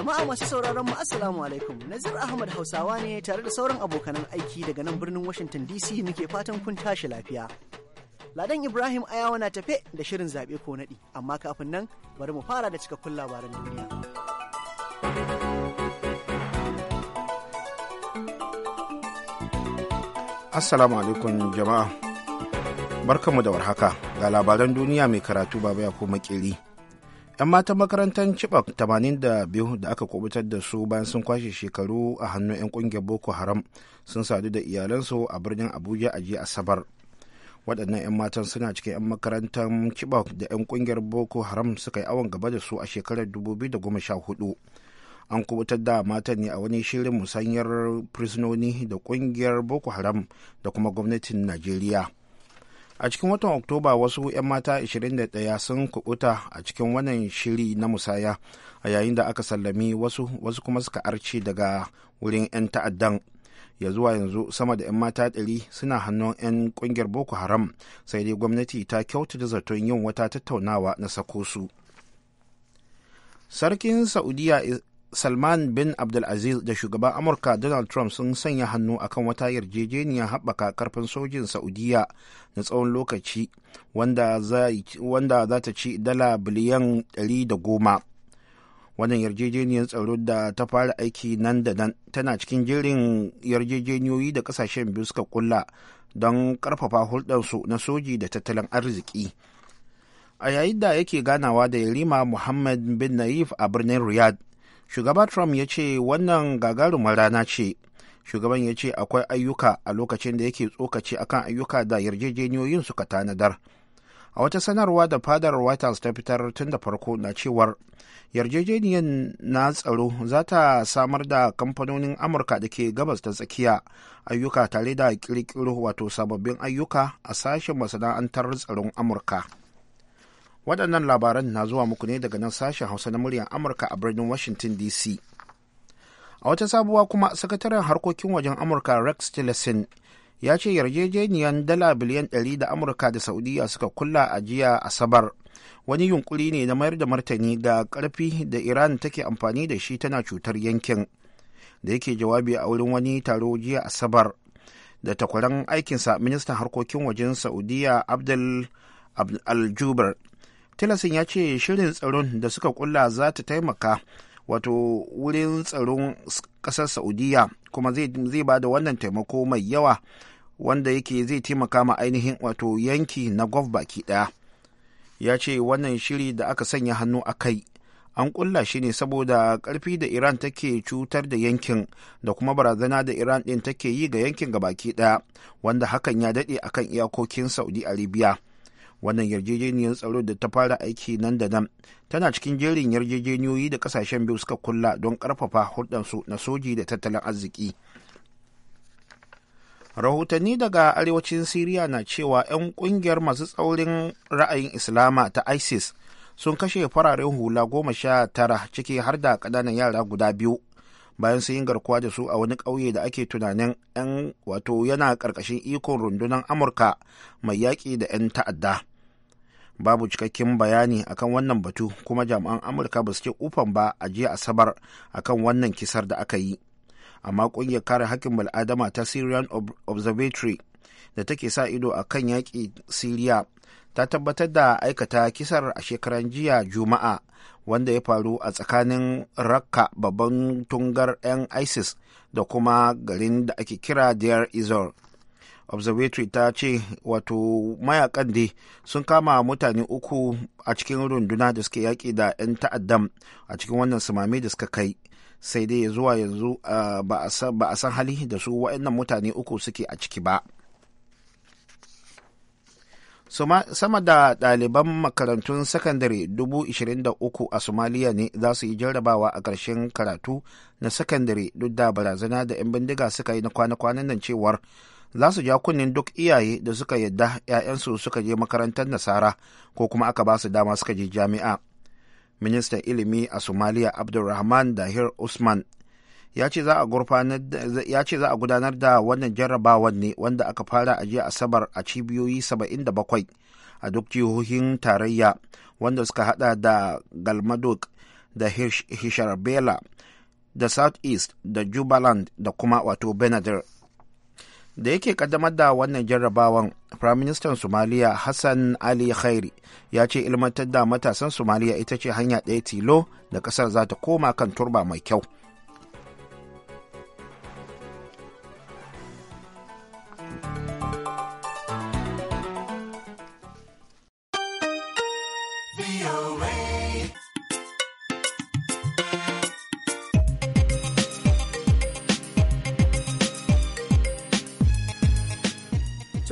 Jama'a masu sauraron mu Assalamu alaikum. Nazir Ahmad Hausawa ne tare da sauran abokanan aiki daga nan birnin Washington DC muke fatan kun tashi lafiya. Ladan Ibrahim Ayawa na tafe da shirin zaɓe ko naɗi, amma kafin nan bari mu fara da cikakkun labaran duniya. Assalamu alaikum jama'a. Barkanmu da warhaka ga labaran duniya mai karatu baba ya ko makeri. 'yan matan makarantar chibok 82 da aka kubutar da su bayan sun kwashe shekaru a hannun 'yan kungiyar boko haram sun sadu da iyalansu a birnin abuja a jiya asabar waɗannan 'yan matan suna cikin 'yan makarantar chibok da 'yan kungiyar boko haram suka yi awon gaba da su a shekarar 2014 an kubutar da matan ne a wani shirin musanyar fursunoni da kungiyar boko haram da kuma gwamnatin najeriya a cikin watan oktoba wasu 'yan mata 21 sun kubuta a cikin wannan shiri na musaya a yayin da aka sallami wasu wasu kuma suka arce daga wurin 'yan ta'addan ya zuwa yanzu sama da 'yan mata 100 suna hannun 'yan kungiyar boko haram sai dai gwamnati ta kyautata zaton yin wata tattaunawa na sako su sarkin saudiya salman bin abdulaziz da shugaban amurka donald trump sun sanya hannu a kan wata yarjejeniyar haɓaka karfin sojin Saudiyya na tsawon lokaci wanda za ta ci dala biliyan goma wannan yarjejeniyar tsaro da ta fara aiki nan da nan tana cikin jirin yarjejeniyoyi da ƙasashen biyu suka kulla don karfafa hulɗarsu na soji da tattalin arziki a yayin da yake ganawa da yarima muhammad bin naif a birnin riyadh shugaba trump ya ce wannan gagarumar rana ce shugaban ya ce akwai ayyuka a lokacin da yake tsokaci akan ayyuka da yarjejeniyoyin suka tanadar a wata sanarwa da fadar white house ta fitar tun da farko na cewar yarjejeniyar na tsaro za ta samar da kamfanonin amurka da ke gabas ta tsakiya ayyuka tare da kirkiro wato sababbin ayyuka a sashen masana'antar tsaron amurka waɗannan labaran na zuwa muku ne daga nan sashen hausa na muryar amurka a birnin washington dc a wata sabuwa kuma sakataren harkokin wajen amurka rex tillerson ya ce yarjejeniyar dala biliyan 100 da amurka da saudiya suka kulla a jiya asabar wani yunkuri ne na mayar da martani ga karfi da iran take amfani da shi tana cutar yankin da yake jawabi a wurin wani taro jiya asabar da takwaran aikinsa ministan harkokin wajen saudiya abdul aljubar tillerson ya ce shirin tsaron da suka kulla za ta taimaka wato wurin tsaron kasar saudiya kuma zai ba da wannan taimako mai yawa wanda yake zai taimaka ma ainihin wato yanki na gov baki ɗaya ya ce wannan shiri da aka sanya hannu a kai an kulla shi ne saboda karfi da iran take cutar da yankin da kuma barazana da iran din take yi ga yankin ga baki daya wanda hakan ya daɗe akan iyakokin saudi arabia wannan yarjejeniyar tsaro da ta fara aiki nan da nan tana cikin jerin yarjejeniyoyi da kasashen biyu suka kulla don karfafa hulɗarsu na soji da tattalin arziki rahotanni daga arewacin siriya na cewa 'yan kungiyar masu tsaurin ra'ayin islama ta isis sun kashe fararen hula goma sha tara ciki har da ƙananan yara guda biyu bayan sun yi garkuwa da su a wani ƙauye da ake tunanin 'yan wato yana ƙarƙashin ikon rundunar amurka mai yaƙi da 'yan ta'adda babu cikakken bayani akan wannan batu kuma jami'an amurka ba su ke ufan ba a jiya asabar akan wannan kisar da aka yi amma kungiyar kare hakkin bal'adama ta syrian observatory da take sa ido a kan yaƙi syria ta tabbatar da aikata kisar a shekaran jiya juma'a wanda ya faru a tsakanin rakka babban tungar 'yan isis da kuma garin da ake kira deir izor observatory ta ce wato mayakan dai sun kama mutane uku a cikin runduna da suke yaƙi da 'yan ta'addam a cikin wannan sumame da suka kai sai dai zuwa yanzu ba a san hali da su wa'annan mutane uku suke a ciki ba sama da ɗaliban makarantun sakandare 23,000 a somaliya ne za su yi jarrabawa a ƙarshen karatu na sakandare duk da barazana da 'yan bindiga suka yi na kwana-kwanan nan cewar za su ja kunnen duk iyaye da suka yadda 'ya'yansu suka je makarantar nasara ko kuma aka ba su dama suka je jami'a ministan ilimi a somalia abdulrahman dahir usman ya ce za a gudanar da wannan jarrabawan ne wanda aka fara a jiya asabar a cibiyoyi da bakwai a duk jihohin tarayya wanda suka hada da galmadok da hisharbela da south east da jubaland da kuma wato Benadir. da yake kaddamar da wannan jarrabawan minister somaliya hassan ali khairi ya ce ilmantar da matasan somaliya ita ce hanya ɗaya tilo da ƙasar za ta koma kan turba mai kyau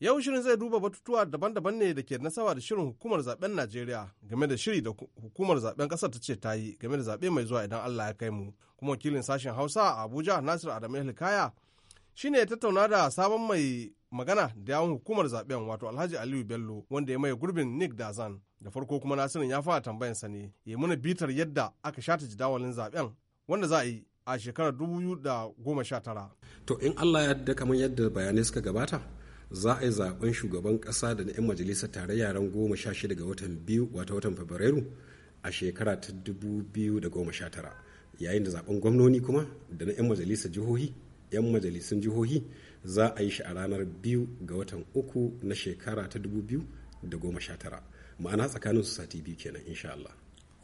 Yau shirin zai duba batutuwa daban-daban ne da ke nasaba da shirin hukumar zaben Najeriya game da shiri da hukumar zaben kasar ta ce ta yi game da zaɓe mai zuwa idan Allah ya kai mu. Kuma wakilin sashen Hausa a Abuja Nasir Adamu Hilkaya shi ne tattauna da sabon mai magana da yawon hukumar zaben wato Alhaji Aliyu Bello wanda ya mai gurbin Nick Dazan. Da farko kuma Nasirin ya fara tambayan sa ne ya muna bitar yadda aka shata jidawalin zaben wanda za a yi a shekarar 2019. To in Allah ya yadda kamar yadda bayanai suka gabata za a yi zaben shugaban ƙasa da na 'yan majalisa tare yaren goma sha shida ga watan biyu wata watan fabrairu a shekara ta 2019 yayin da zaben gwamnoni kuma da na 'yan majalisar jihohi 'yan majalisun jihohi za a yi shi a ranar biyu ga watan uku na shekara ta da goma sha tara ma'ana tsakanin su sati biyu kenan insha Allah.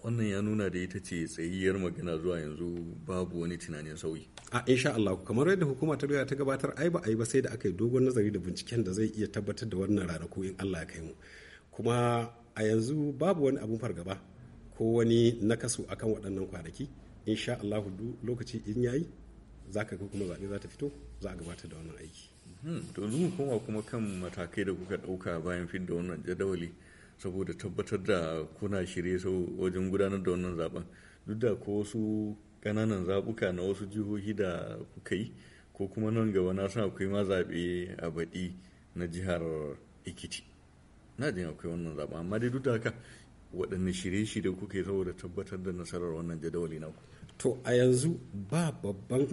wannan ya nuna da ita ce tsayayyar magana zuwa yanzu babu wani tunanin sauyi a insha Allah kamar yadda hukuma ta riga ta gabatar ai ba ai ba sai da aka yi dogon nazari da binciken da zai iya tabbatar da wannan ranaku in Allah ya kai mu kuma a yanzu babu wani abun fargaba ko wani nakasu akan waɗannan kwanaki insha Allah lokaci in yayi zaka ga kuma zaɓe za ta fito za a gabatar da wannan aiki hmm, to yanzu mu kuma kan matakai da kuka ɗauka bayan fidda wannan jadawali saboda tabbatar da kuna shirye sau wajen gudanar da wannan zaben duk da ko wasu ƙananan zaɓuka na wasu jihohi da kuka yi ko kuma nan gaba na san akwai ma zaɓe a baɗi na jihar ikiti na jin akwai wannan zaɓen amma dai duk da haka waɗanne shirye-shirye kuka yi saboda tabbatar da nasarar wannan jadawali naku to a yanzu ba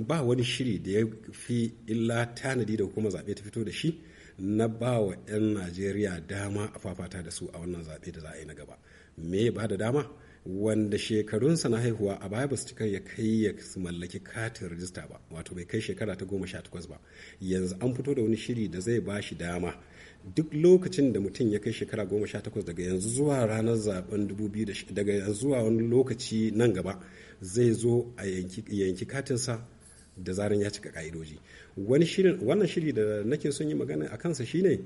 ba wani shiri da ya fi illa tanadi da hukumar zaɓe ta fito da shi na ba wa 'yan najeriya dama a fafata da su a wannan zaɓe da za a yi na gaba me ba da dama wanda shekarunsa na haihuwa a baya ba su cika ya kai ya su mallaki katin rajista ba wato bai kai shekara ta goma sha takwas ba yanzu an fito da wani shiri da zai ba shi dama duk lokacin da mutum ya kai shekara goma sha takwas daga yanzu zuwa ranar zaben dubu biyu daga yanzu zuwa wani lokaci nan gaba zai zo a yanki katinsa da zaran ya cika ka'idoji wannan shiri da nake son yi magana a kansa shine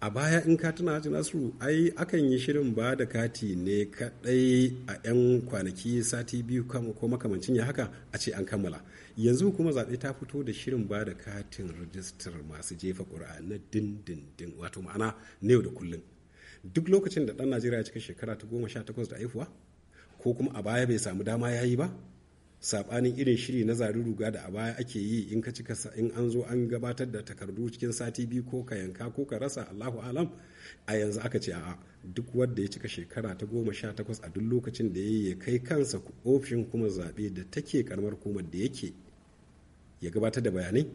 a baya in ka tuna nasiru ai akan yi shirin ba da kati ne kadai a 'yan kwanaki sati biyu ko makamancin ya haka a ce an kammala yanzu kuma zaɓe ta fito da shirin ba da katin rajistar masu jefa ƙuri'a na dindindin wato ma'ana na yau da kullum duk lokacin da ɗan najeriya cikin shekara ta goma sha takwas da haihuwa ko kuma a baya bai samu dama ya yi ba Saɓanin irin shiri na zari ruga da a baya ake yi in ka cika in an zo an gabatar da takardu cikin sati biyu ko ka yanka ko ka rasa allahu alam a yanzu aka ce a duk wanda ya cika shekara ta goma sha takwas a duk lokacin da ya kai kansa ofishin kuma zaɓe da take karamar hukumar da yake ya gabatar da bayanai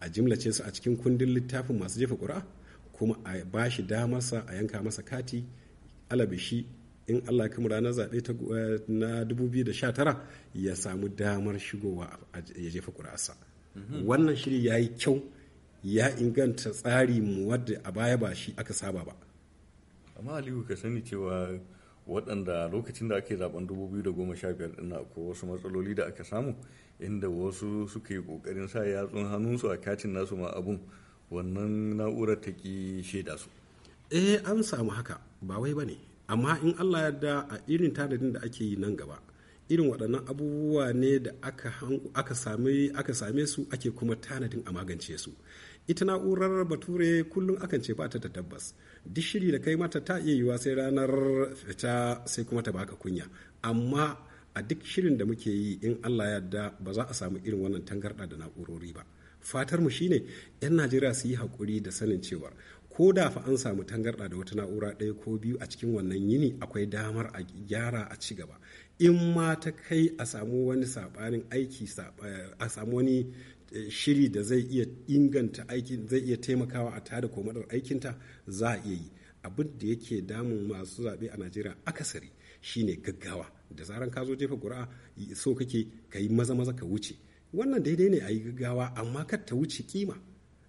a jimlace su a cikin kundin littafin masu jefa ƙura? kuma a ba damarsa a yanka masa kati alabishi in allah kuma ranar zaɓe eh, na 2019 ya samu damar shigowa ya jefa ƙuri'arsa mhm. wannan shiri ya yi kyau ya inganta tsari mu wadda a baya ba shi aka saba ba amma aliyu ka sani cewa waɗanda lokacin da ake zaben 2015 ɗina ko wasu matsaloli da aka samu inda wasu suka yi ƙoƙarin sa yatsun hannunsu a katin nasu ma abun wannan na'urar ta ki shaida su eh an samu haka ba wai ba ne amma in allah ya da a irin tanadin da ake yi nan gaba irin waɗannan abubuwa ne da aka same su ake kuma tanadin a magance su ita na'urar bature kullum akan ce ta da tabbas duk shiri da kai mata ta iya yiwa sai ranar fita sai kuma ta baka kunya amma a duk shirin da muke yi in allah ya da ba za a samu irin wannan tangarɗa da na'urori ba fatar mu shine 'yan najeriya su yi haƙuri da sanin cewar ko da fa an samu tangarɗa da wata na'ura ɗaya ko biyu a cikin wannan yini akwai damar a gyara a ci gaba in ma ta kai a samu wani saɓanin aiki a samu wani eh, shiri da zai iya inganta aiki, zai iya taimakawa a tada komadar aikinta za a iya yi abin da yake damun masu zaɓe a najeriya akasari shine gaggawa da zaran ka zo jefa ƙuri'a so kake ka yi maza maza ka wuce wannan daidai ne a yi gaggawa amma kar ta wuce kima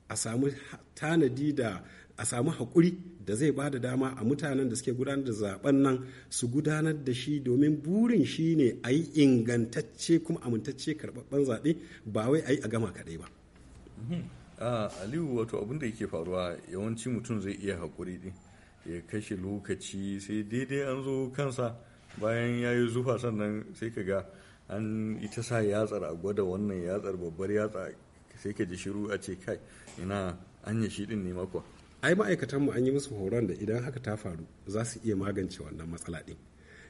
a samu tanadi da a samu haƙuri da zai ba da dama a mutanen da suke gudanar da zaben nan su gudanar da shi domin burin shi ne a yi ingantacce kuma amintacce karɓaɓɓen zaɓe ba wai a yi a gama kaɗai ba. Mhm. aliyu wato abin da yake faruwa yawanci mutum zai iya haƙuri ɗin ya kashe lokaci sai daidai an zo kansa bayan ya yi zufa sannan sai ka ga an ita sa yatsar a gwada wannan yatsar babbar yatsa sai ka ji shiru a ce kai ina anya shi din ne mako. ai ma'aikatan mu an yi musu horon da idan haka ta faru za su iya magance wannan matsala din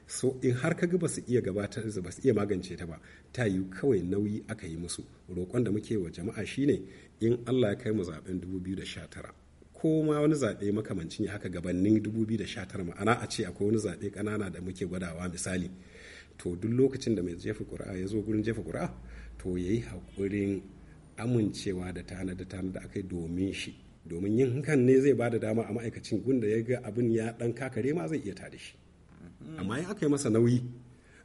so in har ka ga ba su iya gabatar da ba su iya magance ta ba ta yi kawai nauyi aka yi musu roƙon da muke wa jama'a shine in Allah ya kai mu zaben 2019 ko ma wani zaɓe makamancin ya haka gabanin 2019 ma'ana a ce akwai wani zaɓe ƙanana da muke gwadawa misali to duk lokacin da mai jefa ƙuri'a ya zo gurin jefa ƙuri'a to ya yi haƙurin amincewa da tanada-tanada da aka yi domin shi domin yin hakan ne zai bada dama a ma'aikacin gunda ya ga abin ya dan kakare ma zai iya tada shi mm-hmm. amma in aka yi masa nauyi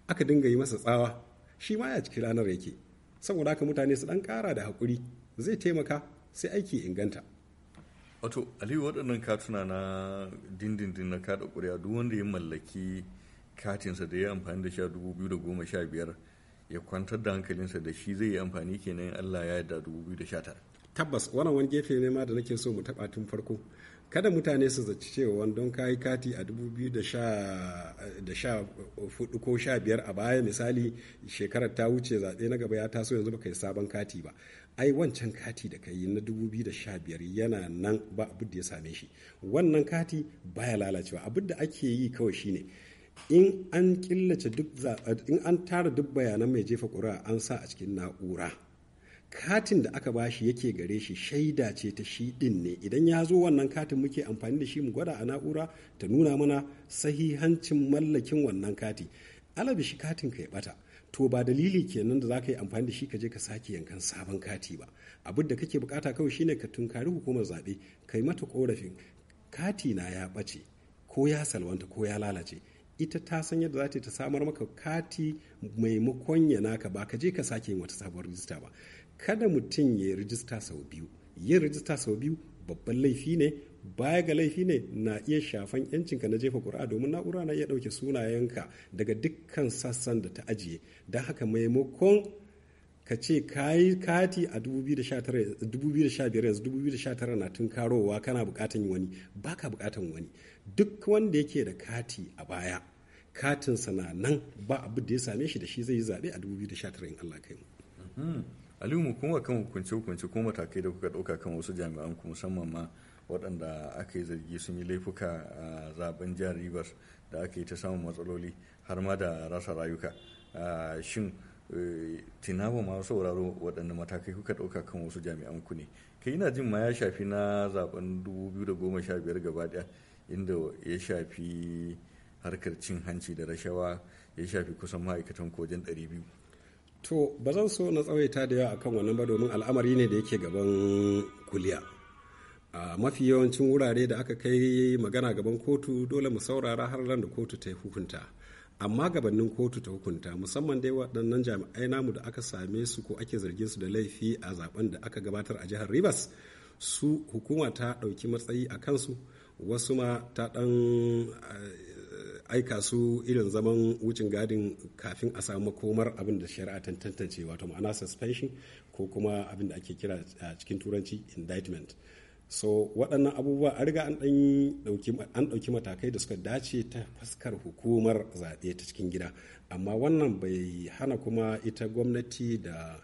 aka dinga yi masa tsawa shi ma ya ciki ranar yake saboda haka mutane su dan kara da hakuri zai taimaka sai aiki inganta wato aliyu waɗannan katuna na dindindin na kaɗa ƙuri'a duk wanda ya mallaki katinsa da ya amfani da sha dubu biyu da goma sha biyar ya kwantar da hankalinsa da shi zai yi amfani kenan Allah ya yarda 2019 tabbas wannan wani gefe ne ma da nake so mu taba tun farko kada mutane su zaci cewa don kayi kati a 2014 uh, ko 15 a baya misali shekarar ta wuce zaɓe na gaba ya taso yanzu baka yi sabon kati ba ai wancan kati da kai na 2015 yana nan ba abin da ya same shi wannan kati baya lalacewa abin da ake yi kawai shine ne in an killace duk in an tara duk bayanan mai jefa ƙuri'a an sa a cikin na'ura katin da aka bashi yake gare shi shaida ce ta shi din ne idan ya zo wannan katin muke amfani da shi mu gwada a na'ura ta nuna mana sahihancin mallakin wannan kati alabi shi katin ka ya bata to ba dalili kenan da za ka yi amfani da shi ka je ka sake yankan sabon kati ba abin da kake bukata kawai shine ka tunkari hukumar zaɓe kai mata korafin kati na ya bace ko ya salwanta ko ya lalace ita ta san yadda za ta samar maka kati maimakon ya naka ba ka je ka sake yin wata sabuwar rijista ba kada mutum ya yi rijista sau biyu yin rijista sau biyu babban laifi ne baya ga laifi ne na iya shafan yancinka na jefa ƙura domin na'ura na iya ɗauke sunayenka daga dukkan sassan da ta ajiye don haka maimakon ka ce ka yi kati a 2015 yanzu 2019 na tun karowa kana bukatan wani baka bukatan wani duk wanda yake da kati a baya katinsa na nan ba abu da ya same shi da shi zai yi zaɓe a 2019 in Allah kai mu. Mhm. Aliyu mu kuma kan hukunce hukunce kuma matakai da kuka ɗauka kan wasu jami'an ku musamman ma waɗanda aka yi zargi sun yi laifuka a zaben jihar Rivers da aka yi ta samun matsaloli har ma da rasa rayuka. Shin e, tinawa ma sauraro waɗanda matakai kuka ɗauka kan wasu jami'an ku ne. Kai ina jin ma ya shafi na zaben 2015 gaba ɗaya. inda ya shafi harkar cin hanci da rashawa ya shafi kusan ma'aikatan kojan 200 to ba zan so na tsawaita da yawa akan wannan ba domin al'amari ne da yake gaban kuliya a mafi yawancin wurare da aka kai magana gaban kotu dole mu saurara har da kotu ta hukunta amma gabanin kotu ta hukunta musamman dai waɗannan jami'ai namu da aka same su ko ake zargin su da laifi a zaben da aka gabatar a jihar rivers su hukuma ta ɗauki matsayi a kansu wasu ma ta ɗan eh, aika su irin zaman wucin gadin kafin a samu komar abin da shari'a ta tantance wato ma'ana suspension ko kuma abin da ake kira a cikin turanci indictment so waɗannan abubuwa a riga an ɗauki matakai da suka dace ta fuskar hukumar zaɓe ta cikin gida amma wannan bai hana kuma ita gwamnati da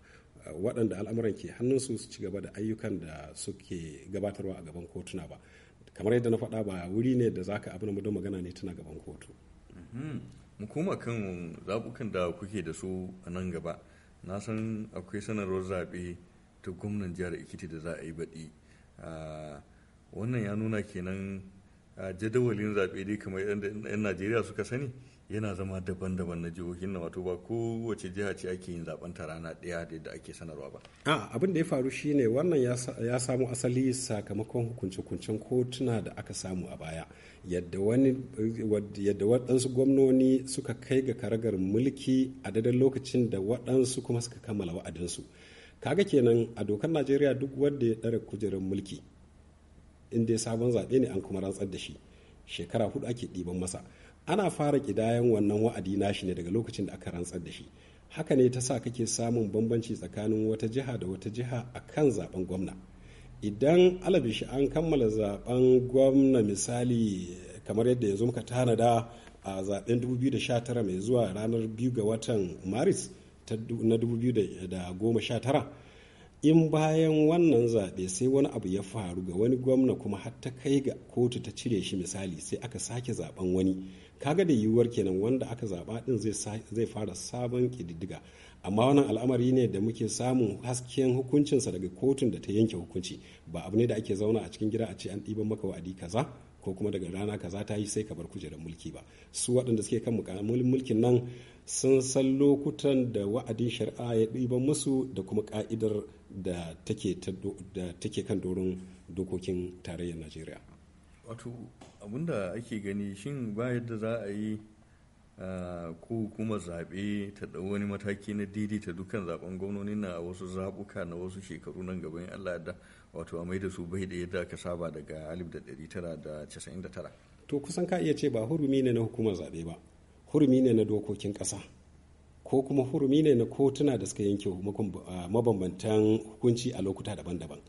eh, waɗanda al'amuran ke hannunsu su ci gaba da ayyukan da suke gabatarwa a gaban kotuna ba kamar yadda na faɗa ba wuri ne da zaka abin mu magana ne tana gaban kotu mm-hmm. mu kan zaɓukan da kuke da su a nan gaba na san akwai sanarwar zaɓe ta gwamnan jihar ikiti da za a yi baɗi ah, wannan ya nuna kenan ah, jadawalin zaɓe dai kamar 'yan najeriya suka sani yana zama daban-daban na jihohin na wato ba kowace jiha ce ake yin zaben ta rana ɗaya da yadda ake sanarwa ba. a abin da ya faru shine wannan ya samu asali sakamakon hukunce-hukuncen kotuna da aka samu a baya yadda wani waɗansu gwamnoni suka kai ga karagar mulki a daidai lokacin da waɗansu kuma suka kammala wa'adinsu kaga kenan a dokar najeriya duk wanda ya ɗara kujerar mulki in dai sabon zaɓe ne an kuma rantsar da shi shekara hudu ake ɗiban masa ana fara kidayan wannan wa'adi nashi ne daga lokacin da aka rantsar da shi haka ne ta sa kake samun bambanci tsakanin wata jiha da wata jiha a kan zaben gwamna idan alabishi an kammala zaben gwamna misali kamar yadda yanzu muka tanada a zaben 2019 mai zuwa ranar 2 ga watan maris na 2019 in bayan wannan zaɓe sai wani abu ya faru ga wani gwamna kuma har ta kai ga kotu ta cire shi misali sai aka sake zaɓen wani kaga da yiwuwar kenan wanda aka zaba din zai fara sabon kididdiga amma wannan al'amari ne da muke samun hasken hukuncinsa daga kotun da ta yanke hukunci ba abu ne da ake zauna a cikin gida a ce an ɗiban maka wa'adi kaza ko kuma daga rana kaza ta yi sai ka bar kujerar mulki ba su waɗanda suke kan mukamin mulkin nan sun san lokutan da wa'adin shari'a ya ɗiban musu da kuma ka'idar da take kan doron dokokin tarayyar najeriya wato abinda ake gani shin ba yadda za a yi ko kuma zaɓe ta ɗau wani mataki na didi ta dukkan zaɓen gwamnoni na wasu zaɓuka na wasu shekaru nan gaban Allah da wato a maida su bai da yadda aka saba daga 1999 to kusan ka iya ce ba hurumi ne na hukumar zaɓe ba hurumi ne na dokokin ƙasa ko kuma hurumi ne na kotuna da suka yanke mabambantan hukunci a lokuta daban-daban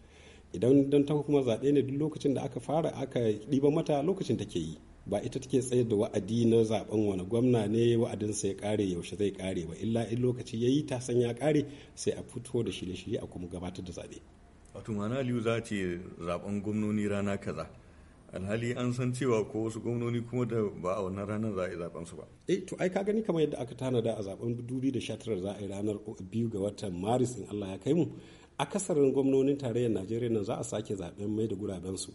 idan don ta kuma zaɓe ne duk lokacin da aka fara aka ɗiba mata lokacin take yi ba ita take tsayar da wa'adi na zaben wani gwamna ne wa'adin ya kare yaushe zai kare ba illa in lokaci ya yi ta sanya ya kare sai a fito da shirye-shirye a kuma gabatar da zaɓe. wato ma'ana aliyu za ce zaben gwamnoni rana kaza alhali an san cewa ko wasu gwamnoni kuma da ba a wannan ranar za a yi zaben su ba. eh to ai ka gani kamar yadda aka tanada a zaben 2019 za a yi ranar biyu ga watan maris in allah ya kai mu akasarin gwamnonin tarayyar najeriya nan za a sake zaben mai da guraben su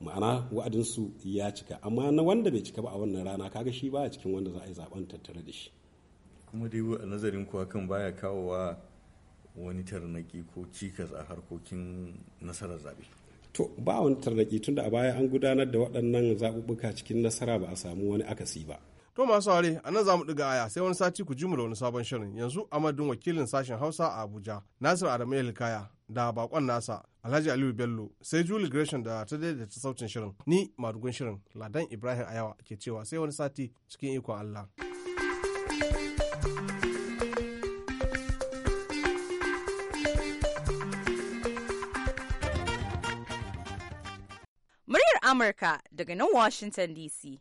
ma'ana wa'adinsu ya cika amma na wanda bai cika ba a wannan rana kaga shi baya cikin wanda za a yi zaben tattare da shi kuma dai a nazarin kuwa kan baya kawowa wani tarnaki ko cikas a harkokin nasarar zabe to ba wani tarnaki tunda a baya an gudanar da waɗannan zaɓuɓɓuka cikin nasara ba a samu wani akasi ba To masu ware a nan za mu ɗiga aya sai wani sati ku ji mu da wani sabon shirin yanzu amadin wakilin sashen Hausa a Abuja Nasir Adamu elikaya da bakon nasa Alhaji Aliyu Bello sai juli Gresham da ta daidaita sautin shirin ni madugun shirin Ladan Ibrahim Ayawa ke cewa sai wani sati cikin ikon Allah. Muryar Amurka daga nan Washington DC.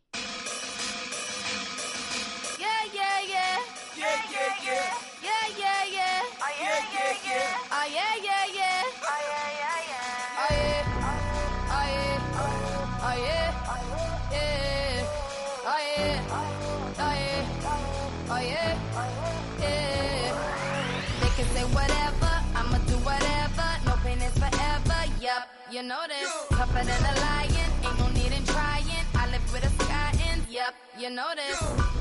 you notice. Yo.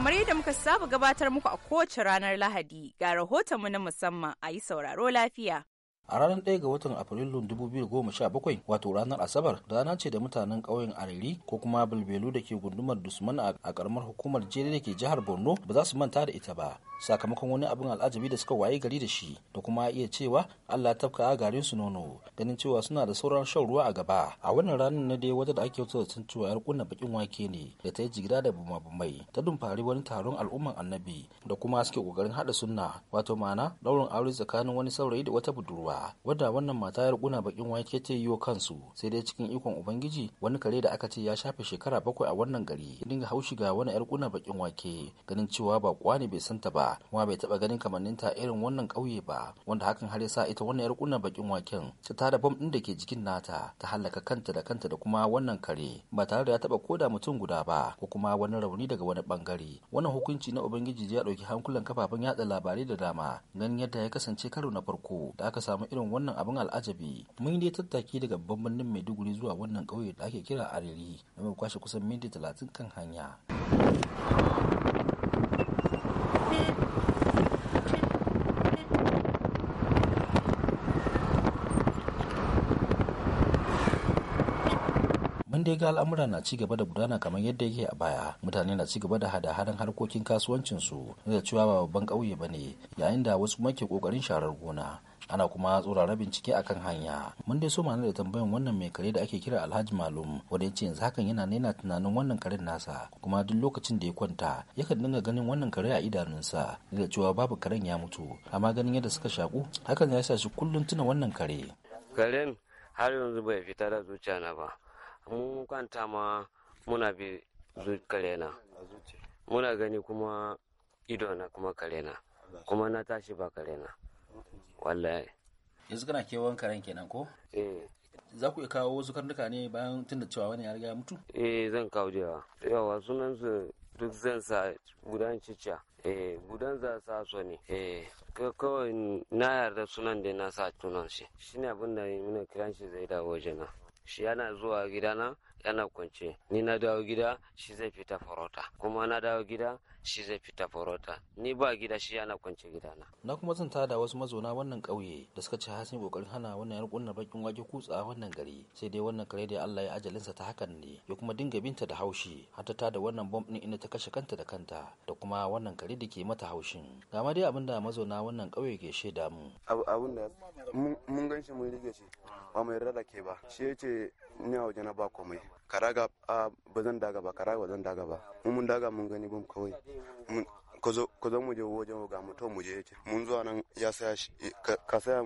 kamar yadda muka saba gabatar muku a kowace ranar Lahadi ga rahotonmu na musamman a yi sauraro lafiya. a ranar 1 ga watan afrilu 2017 wato ranar asabar rana ce da mutanen ƙauyen ariri ko kuma bilbelu da ke gundumar dusman a karamar hukumar jere da ke jihar borno ba za su manta da ita ba sakamakon wani abin al'ajabi da suka waye gari da shi da kuma iya cewa Allah tafka a garin su nono ganin cewa suna da sauran shan ruwa a gaba a wannan ranar na dai wata da ake wuta da cewa yar kunna bakin wake ne da ta yi jigida da bumabumai ta dumfari wani taron al'umman annabi da kuma suke kokarin hada sunna wato ma'ana daurin aure tsakanin wani saurayi da wata budurwa wadda wannan mata yar kunna bakin wake ta yi kansu sai dai cikin ikon ubangiji wani kare da aka ce ya shafe shekara bakwai a wannan gari ya dinga haushi ga wani yar kunna bakin wake ganin cewa ba kwani bai santa ba kuma bai taba ganin kamanninta irin wannan ƙauye ba wanda hakan har sa ita wannan yar kunnan bakin waken ta tada bom din da ke jikin nata ta halaka kanta da kanta da kuma wannan kare ba tare da ya taba koda mutum guda ba ko kuma wani rauni daga wani bangare wannan hukunci na ubangiji ya dauki hankulan kafafen yada labarai da dama ganin yadda ya kasance karo na farko da aka samu irin wannan abin al'ajabi mun dai tattaki daga babban birnin maiduguri zuwa wannan ƙauye da ake kira ariri da mai kwashe kusan minti talatin kan hanya dai ga al'amura na ci gaba da gudana kamar yadda yake a baya mutane na ci gaba da hada-hadan harkokin kasuwancinsu da cewa ba babban ƙauye ba ne yayin da wasu kuma ke ƙoƙarin sharar gona ana kuma tsorara bincike akan hanya mun dai so mana da tambayan wannan mai kare da ake kira alhaji malum wanda ya ce yanzu hakan yana nena tunanin wannan karen nasa kuma duk lokacin da ya kwanta yakan dinga ganin wannan kare a idanunsa da cewa babu karen ya mutu amma ganin yadda suka shaku hakan ya sa shi kullum tuna wannan kare karen har yanzu bai fita da zuciya na ba mu kwanta ma muna bi karena muna gani kuma idona kuma karena kuma na tashi ba karena wallahi yanzu kana kewan karen kenan ko eh za ku iya kawo wasu karnuka ne bayan tunda cewa wani ya riga mutu eh zan kawo jiya yawa yawa sunan su duk zan sa gudan cicca eh gudan za sa so ne eh kawai na yarda sunan da na sa tunan shi shine abin da muna kiran shi zai dawo jana shi yana zuwa gidana yana kwance ni na dawo gida shi zai fita farauta kuma na dawo gida shi zai fita farauta ni ba gida shi yana kwance gidana na kuma zan tada wasu mazauna wannan ƙauye da suka ci hasin kokarin hana wannan yar kunnar bakin wake kutsa wannan gari sai dai wannan kare da Allah ya ajalinsa ta hakan ne ya kuma dinga binta da haushi har ta tada wannan bomb din inda ta kashe kanta da kanta da kuma wannan kare da ke mata haushin ga ma dai abinda mazauna wannan ƙauye ke shaida mu abun da mun ganshi mun rige shi ba mai rarrake ba shi yace ni a waje na ba komai karaga a ba zan daga ba karaga ba zan daga ba mun daga mun gani bom kawai ko zo mu je wajen ga mutum mu je yace mun zuwa nan ya saya ka saya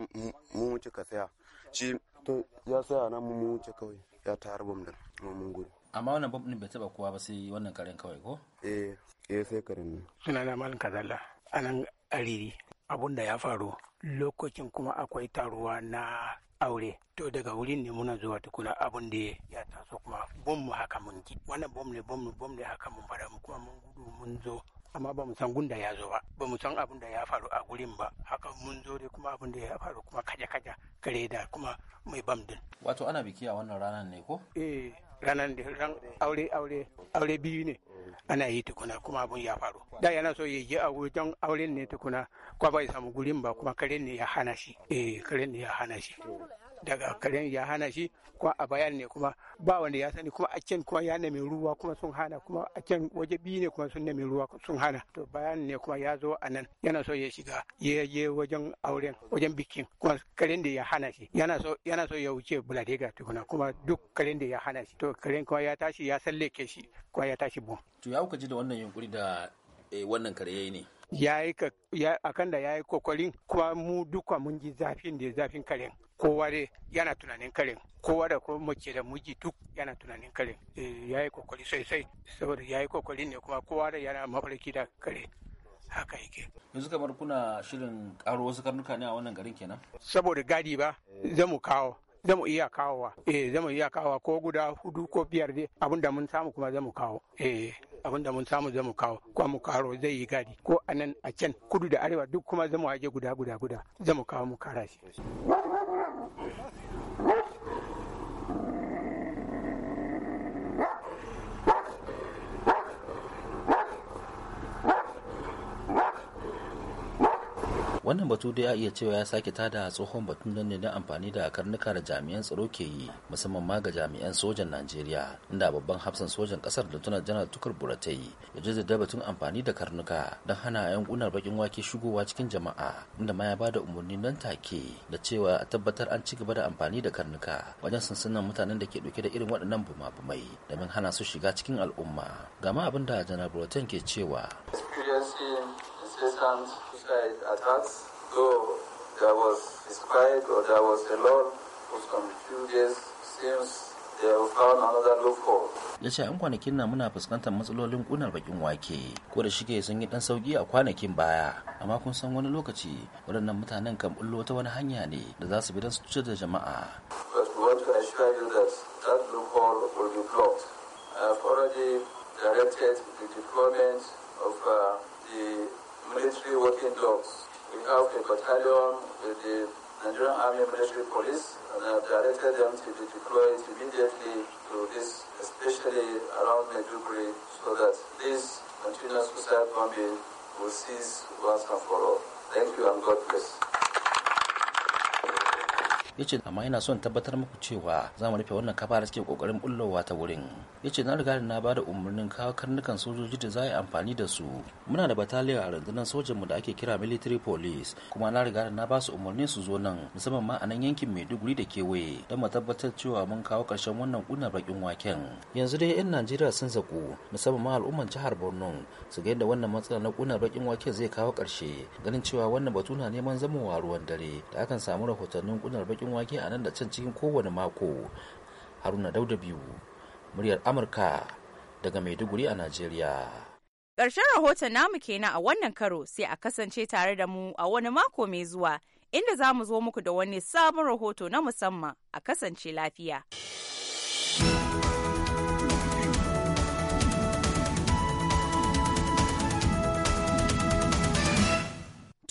mu wuce ka saya shi to ya saya nan mu wuce kawai ya tayar bam din mun gudu amma wannan bam din bai taba kowa ba sai wannan karen kawai ko eh eh sai karen ne suna na malin kazalla anan ariri abun da ya faru lokacin kuma akwai taruwa na aure to daga wurin ne muna zuwa tukuna abun da ya taso kuma bom mu haka mun ji wannan bom ne bom ne bom ne haka mun fara mu kuma mun gudu mun zo amma ba mu san gunda ya zo ba ba mu san abin da ya faru a gurin ba haka mun zo dai kuma abin da ya faru kuma kaja kaja kare da kuma mai bam din wato ana biki a wannan ranar ne ko eh ranar da ran aure aure aure biyu ne ana yi tukuna kuma abun ya faru da yana so ya je a wajen auren ne tukuna kuma bai samu gurin ba kuma karen ne ya hana shi eh ne ya hana shi daga karen ya hana shi kuma a bayan ne kuma ba wanda ya sani kuma can kuma ya nemi ruwa kuma sun hana kuma can waje biyu ne kuma sun nemi ruwa sun hana to bayan ne kuma ya zo a nan yana so ya shiga ya je wajen auren wajen bikin kuma karen da ya hana shi yana so yana so ya wuce buladega tukuna kuma duk karen da ya hana shi to karen kuma ya tashi ya sallake shi kuma ya tashi bom to ya kuka ji da wannan yunkuri da eh, wannan kare yi ne ya yi akan da ya yi kokarin kuma mu duka mun ji zafin da zafin karen kowa dai yana tunanin karin kowa da kuma ke da muji duk yana tunanin karin eh, ya yi kokari sosai saboda ya yi kokari ne kuma kowa da yana mafarki da kare haka yake yanzu kamar kuna shirin karo wasu karnuka ne a wannan garin kenan saboda gadi ba zamu kawo zamu iya kawowa eh zamu iya kawowa ko guda hudu ko biyar dai abinda mun samu kuma zamu kawo eh da mun samu zamu kawo kuma mu karo zai yi gadi ko anan a can kudu da arewa duk kuma zamu haje guda guda guda zamu kawo mu kara shi wannan batu dai a iya cewa ya sake tada tsohon batun nan ne na amfani da karnuka da jami'an tsaro ke yi musamman ma ga jami'an sojan najeriya inda babban hafsan sojan kasar da tunar janar tukur buratai ya jaddada batun amfani da karnuka don hana yankunan yankunan bakin wake shigowa cikin jama'a inda ma ya bada umarni nan take da cewa a tabbatar an ci gaba da amfani da karnuka wajen sansanin mutanen da ke dauke da irin waɗannan bumabumai domin hana su shiga cikin al'umma ga ma abin da janar buratai ke cewa comes inside at us, though there was disquiet or there was a law whose confuses since ya ce an kwanakin na muna fuskantar matsalolin kunar bakin wake ko da shige sun yi dan sauki a kwanakin baya amma kun san wani lokaci waɗannan mutanen kan bullo ta wani hanya ne da za su bi don su cutar da jama'a the military working dogs. We have a battalion with the Nigerian Army Military Police, and I've directed them to be deployed immediately to this, especially around Medjugorje, so that this continuous suicide bombing will cease once and for all. Thank you and God bless. yace ce amma ina son tabbatar muku cewa za mu rufe wannan kafa da suke kokarin bullowa ta wurin ya ce na riga da na bada umarnin kawo karnukan sojoji da za a yi amfani da su muna da bataliya a rundunar sojan mu da ake kira military police kuma na riga da na ba su umarnin su zo nan musamman ma a nan yankin maiduguri da kewaye don mu tabbatar cewa mun kawo karshen wannan kunar bakin waken yanzu dai 'yan najeriya sun zaku musamman ma al'umman jihar borno su ga yadda wannan matsalar na ƙunar bakin waken zai kawo karshe ganin cewa wannan batu na neman zama ruwan dare da akan samu rahotannin ƙunar bakin bakin wake a nan da can cikin kowane mako haruna dauda biyu muryar amurka daga maiduguri a najeriya ƙarshen rahoton namu kenan a wannan karo sai a kasance tare da mu a wani mako mai zuwa inda za mu zo muku da wani sabon rahoto na musamman a kasance lafiya.